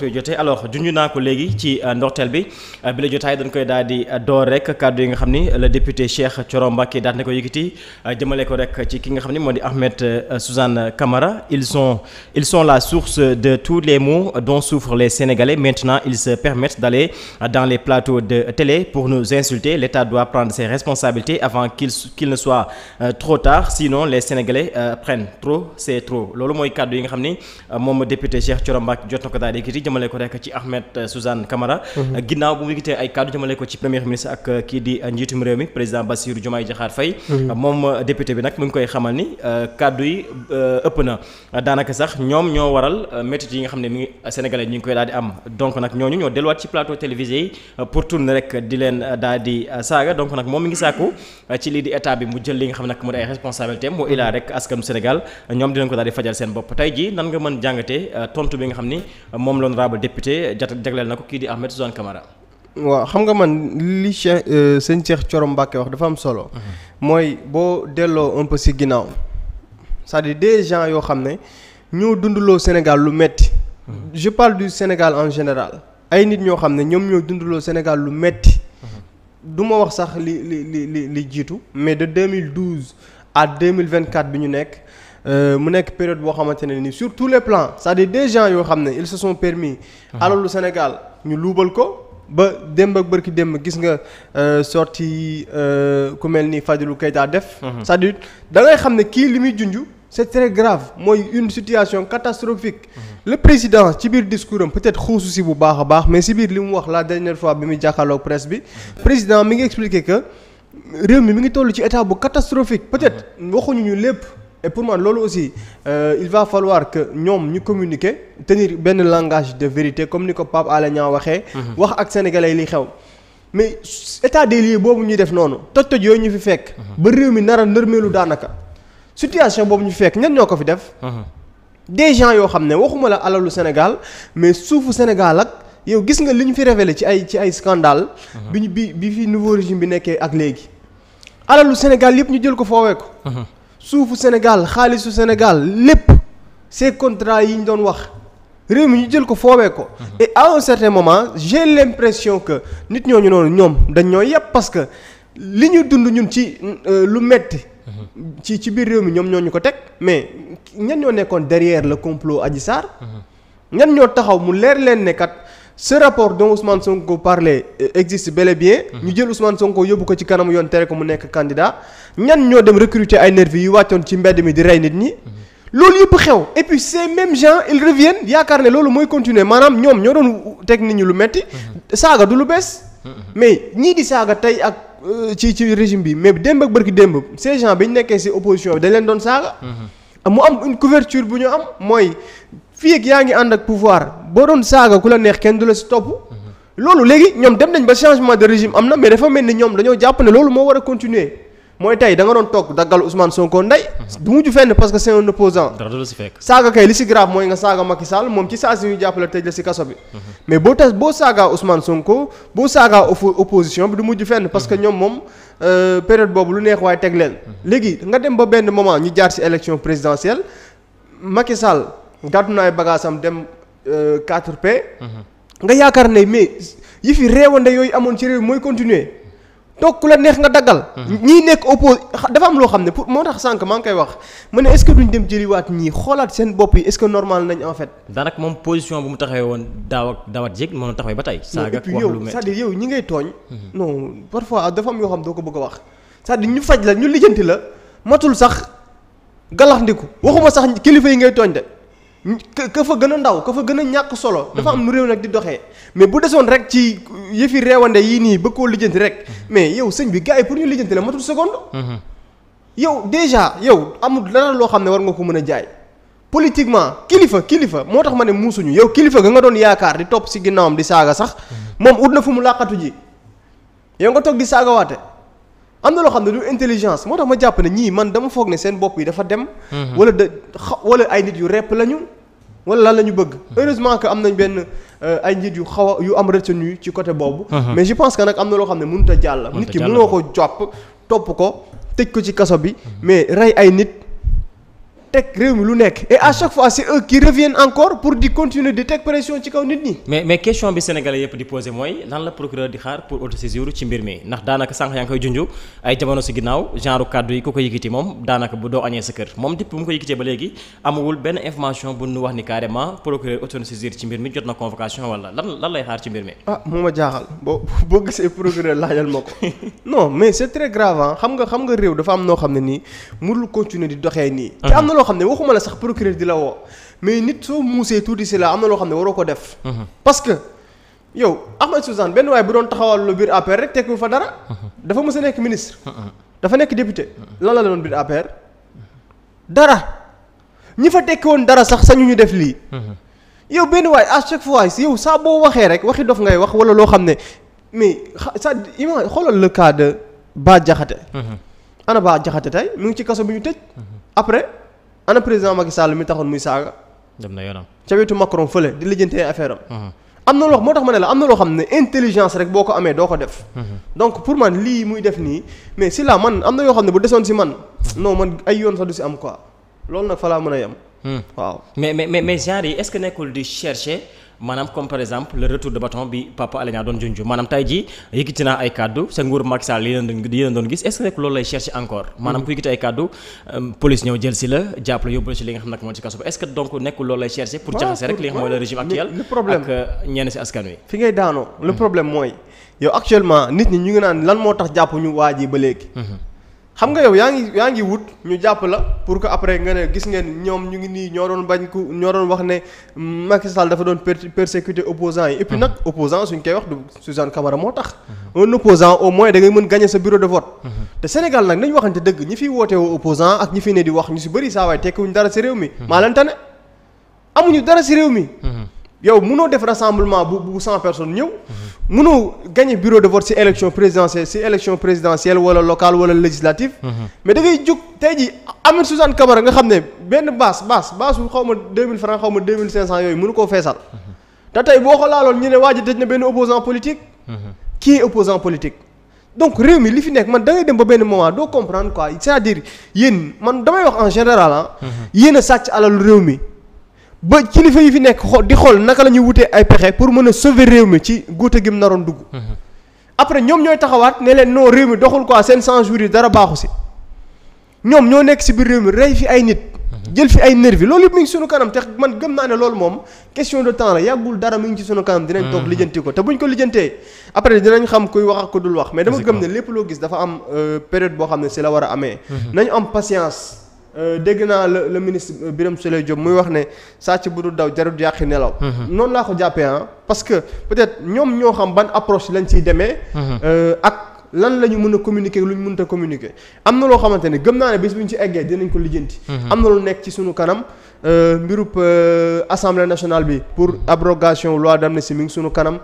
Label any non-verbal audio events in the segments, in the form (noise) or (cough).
fi jotee alors naa ko léegi ci euh, ndorteel bi euh, bi la jotaay dañ koy daal di door rek kàddu yi nga xam ni le député Cheikh Thioro Mbacké daal na ko yëkkati euh, jëmale ko rek ci ki nga xam ni moo di Ahmed Suzanne Camara ils sont ils sont la source de tous les maux dont souffrent les Sénégalais maintenant ils se permettent d'aller dans les plateaux de télé pour nous insulter l'État doit prendre ses responsabilités avant qu'il qu'il ne soit trop tard sinon les Sénégalais prennent trop c'est trop yi nga xam ni jëmale ko rek ci Ahmed euh, Suzanne Camara mhm. ginnaaw bu mu yëkkatee ay kàddu jëmale ko ci premier ministre ak euh, kii di euh, njiitum réew mi président Bassirou Diomaye Diakhar Faye mhm. moom député bi nag mu ngi koy xamal ni kàddu yi ëpp na daanaka sax ñoom ñoo waral métit yi nga xam ne mi ngi sénégalais ñu ngi koy daal am donc nag ñooñu ñoo delluwaat ci plateau télévisé yi pour tourner rek di leen daal di saaga donc nag moom mi ngi sàkku ci lii di état bi mu jël li nga xam ne nag mu di ay responsabilité am wa ilaa rek askanu Sénégal ñoom dinañ ko daal fajal seen bopp tey ji nan nga mën jàngatee tontu bi nga honorable député jagleel na ko kii di Ahmed Suzanne Camara. waaw xam nga man li Cheikh euh, sëñ Cheikh Thioro Mbacké wax dafa am solo. Mhm. mooy boo delloo un peu si ginnaaw c'est-à-dire yoo xam ne ñoo dunduloo Sénégal lu metti mhm. je du Sénégal en général. ay nit ñoo xam ne ñoom ñoo dundaloo Sénégal lu metti mhm. du ma wax sax li li li li jiitu mais de mille à 2024 bi ñu nekk. Euh, mu nekk période boo xamante ne ni sur tous les plans c'est-à-dire des gens yoo xam ne ils se sont permis ah. alalu Sénégal ñu luubal ko ba démb ak bërki démb gis nga euh, sorti euh, ku mel ni Fadilou Keita def mhm. c'est-à-dire da ngay xam ne kii li muy junj c'est très grave mooy une situation catastrophique mhm. le président ci biir discours am peut-être xuusu si bu baax a baax mais si biir li mu wax la dernière fois bi muy jàkkaarloog presse bi mhm. président mi ngi expliqué que réew mi mi ngi toll ci état bu catastrophique peut-être waxuñu lépp et pour moi loolu aussi euh, il va falloir que ñoom ñu communiquer tenir benn langage de vérité comme ni ko Pape Alé Niang waxee. Mhm. wax ak sénégalais li xew. mais état des lieux boobu ñuy def noonu toj-toj yooyu ñu fi fekk. Mhm. ba réew mi nar a nërmeelu daanaka situation boobu ñu fekk ñan ñoo ko fi def. Mhm. des gens yoo xam ne waxuma la alalu Sénégal mais suufu Sénégal ak yow gis nga li ñu fi révélé ci ay ci ay scandale bi ñu bi bi fi nouveau régime bi nekkee ak léegi. alalu Sénégal yëpp ñu jël ko foowee ko. suufu Sénégal xaalisu Sénégal lépp ces contrats yi ñu doon wax réew mi ñu jël ko foowee ko. Mhm. et à un certain moment j'ai l'impression que nit ñoo ñu noonu ñoom dañ ñoo yëpp parce que li ñu dund ñun ci euh, lu metti mhm. ci ci biir réew mi ñoom ñooñu ko teg mais ñan ñoo nekkoon derrière le complot Adji Sarr. Mhm. ñan ñoo taxaw mu leer leen ne ce rapport don Ousmane Sonko parlait euh, existe bel et bien. Mhm. ñu jël Ousmane Sonko yóbbu ko ci kanamu yoon tere ko mu nekk candidat ñan ñoo dem recruter ay nervi yu wàccoon ci mbedd mi di rey nit ñi. Mhm. loolu yëpp xew et puis ces mêmes gens ils reviennent yaakaar ne loolu mooy continuer maanaam ñoom ñoo doon teg nit ñi lu metti mhm. saaga du lu bees mais ñii di saaga tey ak euh, ci ci régime bi mais démb ak bërki démb ces gens bi ñu nekkee si opposition bi dañ leen doon saaga mu am une bu ñu am mooy fii ak yaa ngi ànd ak pouvoir boo doon saaga ku la neex kenn du la si topp. loolu léegi ñoom dem nañ ba changement de régime am na mais dafa mel ni ñoom dañoo jàpp ne loolu moo war a continuer mooy tey da nga doon toog daggal Ousmane Sonko ndey. du mujj fenn parce que c'est un opposant saaga kay li si grave mooy nga moom ci saa si tëj la si kaso bi. mais boo tas boo saagaa Ousmane Sonko boo saagaa opposition bi du mujj fenn parce que ñoom moom euh, période boobu lu neex waaye teg leen. léegi nga dem ba benn moment ñu jaar si élection présidentielle Macky Sall. gàddu naa ay bagaasam dem 4P. Euh, mhm. nga yaakaar ne mais yi fi réewande yooyu amoon ci réew mooy continuer toog ku la neex nga daggal. Mhm. ñii nekk oppos dafa am loo xam ne pour moo tax sànq maa koy wax ma ne est-ce que duñ dem jëliwaat ñii xoolaat seen bopp yi est nañ en fait. daanaka moom position bu mu taxawee woon daaw ak daawat jéeg moo taxawee ba tey. saaga wax lu métti mhm. yoo xam doo ko bëgg a wax. cest à ñu faj la ñu lijjanti la matul sax galaxndiku waxuma sax kilifa yi ngay tooñ de. ka fa gën a ndaw ka fa gën a ñàkk solo. dafa am nu réew nag di doxee. mais bu desoon rek ci yëfi réewande yii nii ba koo lijjanti rek mais yow sëñ bi gars yi pour ñu lijjanti la matul seconde. yow déjà yow amul dara loo xam ne war nga ko mën a jaay. politiquement kilifa kilifa moo tax ma ne muusuñu yow kilifa ga nga doon yaakaar di topp si ginnaawam di saaga sax moom ut na fu mu làqatu ji yow nga toog di waate am na loo xam ne du intelligence moo tax ma jàpp ne ñii man dama foog ne seen bopp yi dafa dem. Mhm. wala da wala ay nit yu repp lañu. wala lan la ñu bëgg mhm. heureusement que am nañ benn euh, ay njiit yu xaw a yu am retenu ci côté boobu. Mhm. mais je pense que nag am na loo xam ne mënut a jàll. nit ki mënoo ko jàpp topp ko tëj ko ci kaso bi mais rey ay nit. teg réew mi lu nekk et chaque fois c'est eux qui reviennent encore pour di continuer di teg pression ci kaw nit ñi. mais question bi sénégalais yëpp di posé mooy lan la procureur di xaar pour autosaisir ci mbir mi ndax daanaka sànq yaa ngi koy ay jamono si ginnaaw genre kàddu yi ku ko yëkkati moom daanaka bu doo añee sa kër moom depuis mu ko yëkkatee ba léegi amawul benn information bu nu wax ni carrément procureur autosaisir ci mbir mi jot na convocation (laughs) (laughs) loo xam ne waxuma la sax procureur di la woo mais nit soo muusee tuuti si la am na loo xam ne waroo ko def. Mhm. parce que yow Ahmed Suzanne benn waaye bu doon taxawal lu biir APR rek tekkiwul fa dara. Mhm. dafa mës nekk ministre. Mhm. dafa nekk député. lan la la doon biir APR. dara ñi fa tekki woon dara sax sañu ñu def lii. yow benn waay à chaque fois yow saa boo waxee rek waxi dof ngay wax wala loo xam ne mais ça ima xoolal le cas de Bah Diakhaté. ana Bah Diakhaté tey mu ngi ci kaso bi ñu tëj. ana président Macky Sall mi taxoon muy saaga. dem na yoonam ca wetu Macron fële di lijjantee affaire am. Mhm. na loo moo tax loo xam ne intelligence rek boo ko amee doo ko def. Mhm. donc pour man lii muy def nii mais si la man am na yoo xam ne bu desoon si man. Mhm. non man ay yoon sax du si am quoi loolu nag fa laa mën a yem. Hmm. waaw mais mais mais genre yi est-ce que nekkul di chercher. maanaam comme par exemple le retour de bâton bi Papa Alé Niang doon junj maanaam tey jii yëkkati naa ay kaddu sa nguur Macky Sall yéen a doon gis est-ce que rek loolu lay chercher encore maanaam ku yëkkati ay kaddu euh, police ñëw jël la jàpp la yóbbu la si li nga xam nag moo ci kaso est-ce donc nekkul loolu lay chercher pour jaxase rek li nga xam mooy régime actuel ak euh, ñenn si askan wi fi ngay daanoo le hmm. problème mooy yow actuellement nit ñi ñu ngi naan lan moo tax jàpp ñu waa ji ba léegi hmm. xam nga yow yaa ngi yaa ngi wut ñu jàpp la pour que après nga ne gis ngeen ñoom ñu ngi nii ñoo doon bañ ku ñoo doon wax ne Macky Sall dafa doon persécuter opposants yi et puis nag opposant suñ koy wax du Suzanne Camara moo tax un opposant au moins da ngay mën gagner sa bureau de vote te Sénégal nag nañ waxante dëgg ñi fiy wootee woo opposant ak ñi fi ne di wax ñu si bëri saa waay tekkiwuñ dara si réew mi maa leen ne amuñu dara si réew mi yow munoo def rassemblement bu bu cent personnes ñëw. mënoo gagné bureau de vote ci élection présidentielle ci élection présidentielle wala locale wala législative. Mhm. mais da ngay tey ji Amir Suzanne Camara nga xam ne benn baas baas baas bu xaw ma deux mille francs xaw ma deux mille cinq cent yooyu mënu koo feesal. Mhm. te tey boo ko laaloon ñu ne waa ji dëj na benn opposant politique. Mhm. qui est politique. donc réew mi li fi nekk man da dem ba benn moment doo comprendre quoi c'est-à-dire yéen man en général ah. yéen sàcc alalu réew mi. ba kilifa yi fi nekk di xool naka la ñuy wutee ay pexe pour mën a sauver réew mi ci guute gi mu naroon dugg. Mhm. après ñoom ñooy taxawaat ne leen non réew mi doxul quoi seen 100 jours dara baaxu si ñoom ñoo nekk si biir réew mi rey fi ay nit. Mhm. jël fi ay nervi loolu yëpp mi sunu kanam te man gëm naa ne lool moom question de temps la yàggul dara mi ngi ci sunu kanam. dinañ toog mhm. lijjanti ko te bu buñ ko lijjantee après dinañ xam kuy wax ak ku dul wax. mais dama gëm ne lépp loo gis dafa am euh, période boo ne si la war a amee. nañ am patience. Euh, dégg naa la le ministre euh, biram Souleye Diop muy wax ne sàcc bu dul daw jarul yàqi nelaw. Mhm. noonu laa ko jàppee ah parce que peut-être ñoom ñoo xam ban approche lañ siy demee. Mhm. Euh, ak lan la ñu mën a communiquer lu ñu mënut a communiquer. am na loo xamante ne gëm naa ne bis bu ñu ci eggee dinañ ko lijjanti. Mhm. am na lu nekk ci suñu kanam mbirub assemblée nationale bi pour abrogation loi d'amnistie mi ngi suñu kanam.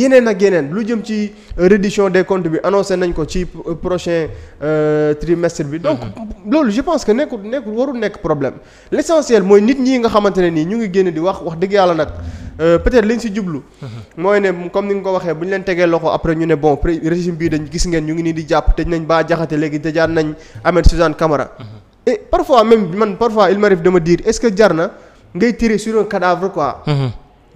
yeneen ak yeneen lu jëm ci euh, reddition des comptes bi annoncé nañ ko ci euh, prochain euh, trimestre bi donc mhm. loolu je pense que nekkul nekkul warul nekk problème l'essentiel mooy nit ñi nga xamante ne nii ñu ngi génn di wax wax dëgg yàlla nag peut-être liñ si jublu mhm. mooy ne comme ni nga ko waxee bu ñu leen tegee loxo après ñu ne bon régime bii dañ gis ngeen ñu ngi nii di jàpp tëj nañ baa jaxate léegi tëjaat nañ Ahmed Suzanne Camara mhm. et parfois même man parfois il m'arrive de me ce que jar na ngay tirer sur un cadavre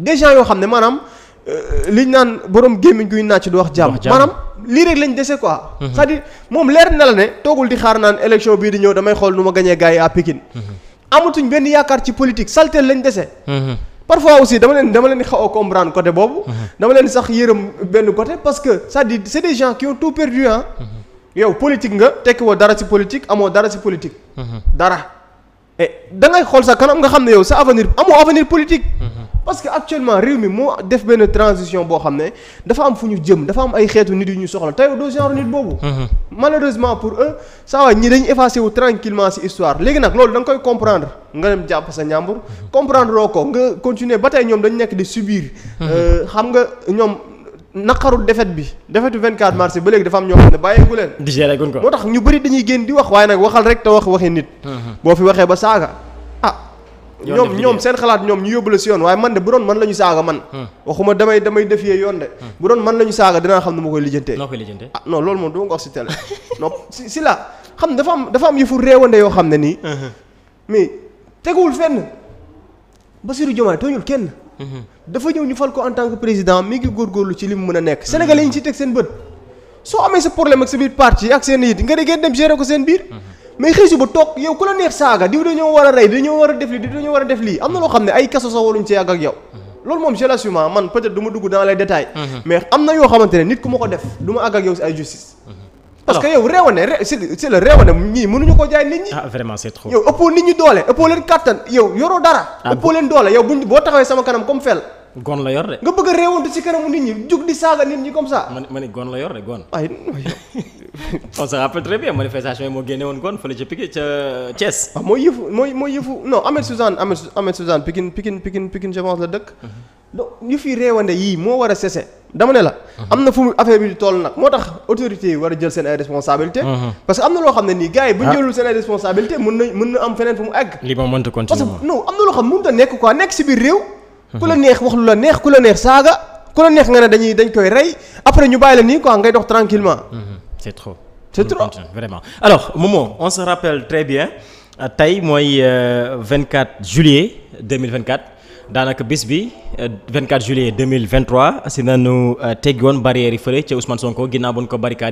yoo xam ne maanaam Euh, liñ naan borom gémmiñ guy nàcc du wax jàmm maanaam lii rek lañ dese quoi mhm. cest à moom leer na la ne toogul di xaar naan élection bii di ñëw damay xool nu ma gañee gars yi à Pikine mhm. amatuñ benn yaakaar ci politique salteel lañ dese mhm. parfois aussi dama leen dama leen xaw a comprendre côté boobu dama leen sax yërëm benn côté parce que sa à dire c'est des gens qui ont tout perdu yow politique nga tekki woo dara ci politique amoo dara si politique dara Eh, da ngay xool sa kanam nga xam ne yow sa avenir amoo avenir politique. Mm-hmm. parce que actuellement réew mi moo def benn transition boo xam ne dafa am fu ñu jëm dafa am ay xeetu nit yu ñu soxla te yow doo genre nit boobu. Mm-hmm. malheureusement pour eux saa waay ñi dañu effacé wu tranquillement ci histoire léegi nag loolu da nga koy comprendre nga dem jàpp sa ñàmbur mm-hmm. comprendre ko nga continuer ba tey ñoom dañu nekk di subir. Euh, xam nga ñoom. naqaru defet bi defetu 24 mars ba léegi dafa am ñoo xam ne bàyyeegu leen. digéré guñ ko moo tax ñu bëri dañuy génn di wax waaye nag waxal rek te wax waxi nit. Mm-hmm. boo fi waxee ba saaga ah. ñoom ñoom seen xalaat ñoom ñu yóbbu la si yoon waaye man de bu doon man la ñu saaga man. Mm. waxuma damay damay def yee yoon de. Mm. bu doon man la saaga dinaa xam ne ma koy lijjantee. noo koy lijjantee ah non loolu moom du ma wax si télé. (laughs) non si si la xam dafa am dafa am yëfu réewande yoo xam ne nii. Mm-hmm. mais teguwul fenn Bassirou Diomaye tooñul kenn. dafa ñëw ñu fal ko en tant président mi ngi góorgóorlu ci li mu mën a nekk. sénégalais yi ñu ci teg seen bët soo amee sa problème ak sa biir parti ak seen yit nga ne ngeen dem gérer ko seen biir. mais xëy ba toog yow ku la neex saaga diw dañoo war a rey dañoo war a def dañoo war a def lii am na loo xam ne ay kaso sax waruñ ci yàgg ak yow. loolu moom je l'assume ah, man peut-être du ma dugg dans les détails. mais am na yoo xamante ne nit ku ma ko def du ma ak yow ay parce que yow réewane c'est le réewane ñii mënuñu ko jaay nit ñi. ah vraiment yow ëppoo nit ñi doole ëppoo leen kàttan yow yoroo dara. Ah, ëppoo leen doole yow buñ boo taxawee sama kanam comme fel gon la yor de. nga bëgg a réewantu ci kanamu nit ñi jug di saaga nit ñi comme ça. ma ne ma ne gon la yor de gon. ay (laughs) on se rappelle très bien manifestation yi moo génne woon gon fële ca Pikine ca Thiès. waaw ah, mooy yëfu mooy mooy yëfu non Ahmed Suzanne Ahmed Suzanne Pikine Pikine Pikine Pikine je pense la dëkk. Mhm. ñu fi réewande yii moo war a cessé dama ne la. Mhm. am na fu mu affaire bi di toll nag moo tax autorités yi war a jël seen ay responsabilité mhm. parce que am na loo xam ne nii gars yi bu ñu ah. jëlul seen ay responsabilité na mën na am feneen fu mu egg. parce que non am na loo xam mënut a nekk quoi nekk si biir réew. Mhm. ku la neex wax lu la neex ku la neex saaga ku la neex nga ne dañuy dañ koy rey après ñu bàyyi la nii quoi ngay dox tranquillement c'est trop. c'est trop vraiment alors Momo on se rappelle très bien euh, tey mooy 24 euh, juillet 2024. daanaka bis bi 24 euh, juillet 2023 si nañu euh, teggi woon barrière yi fële ca Ousmane Sonko ginnaaw bu ñu ko barricade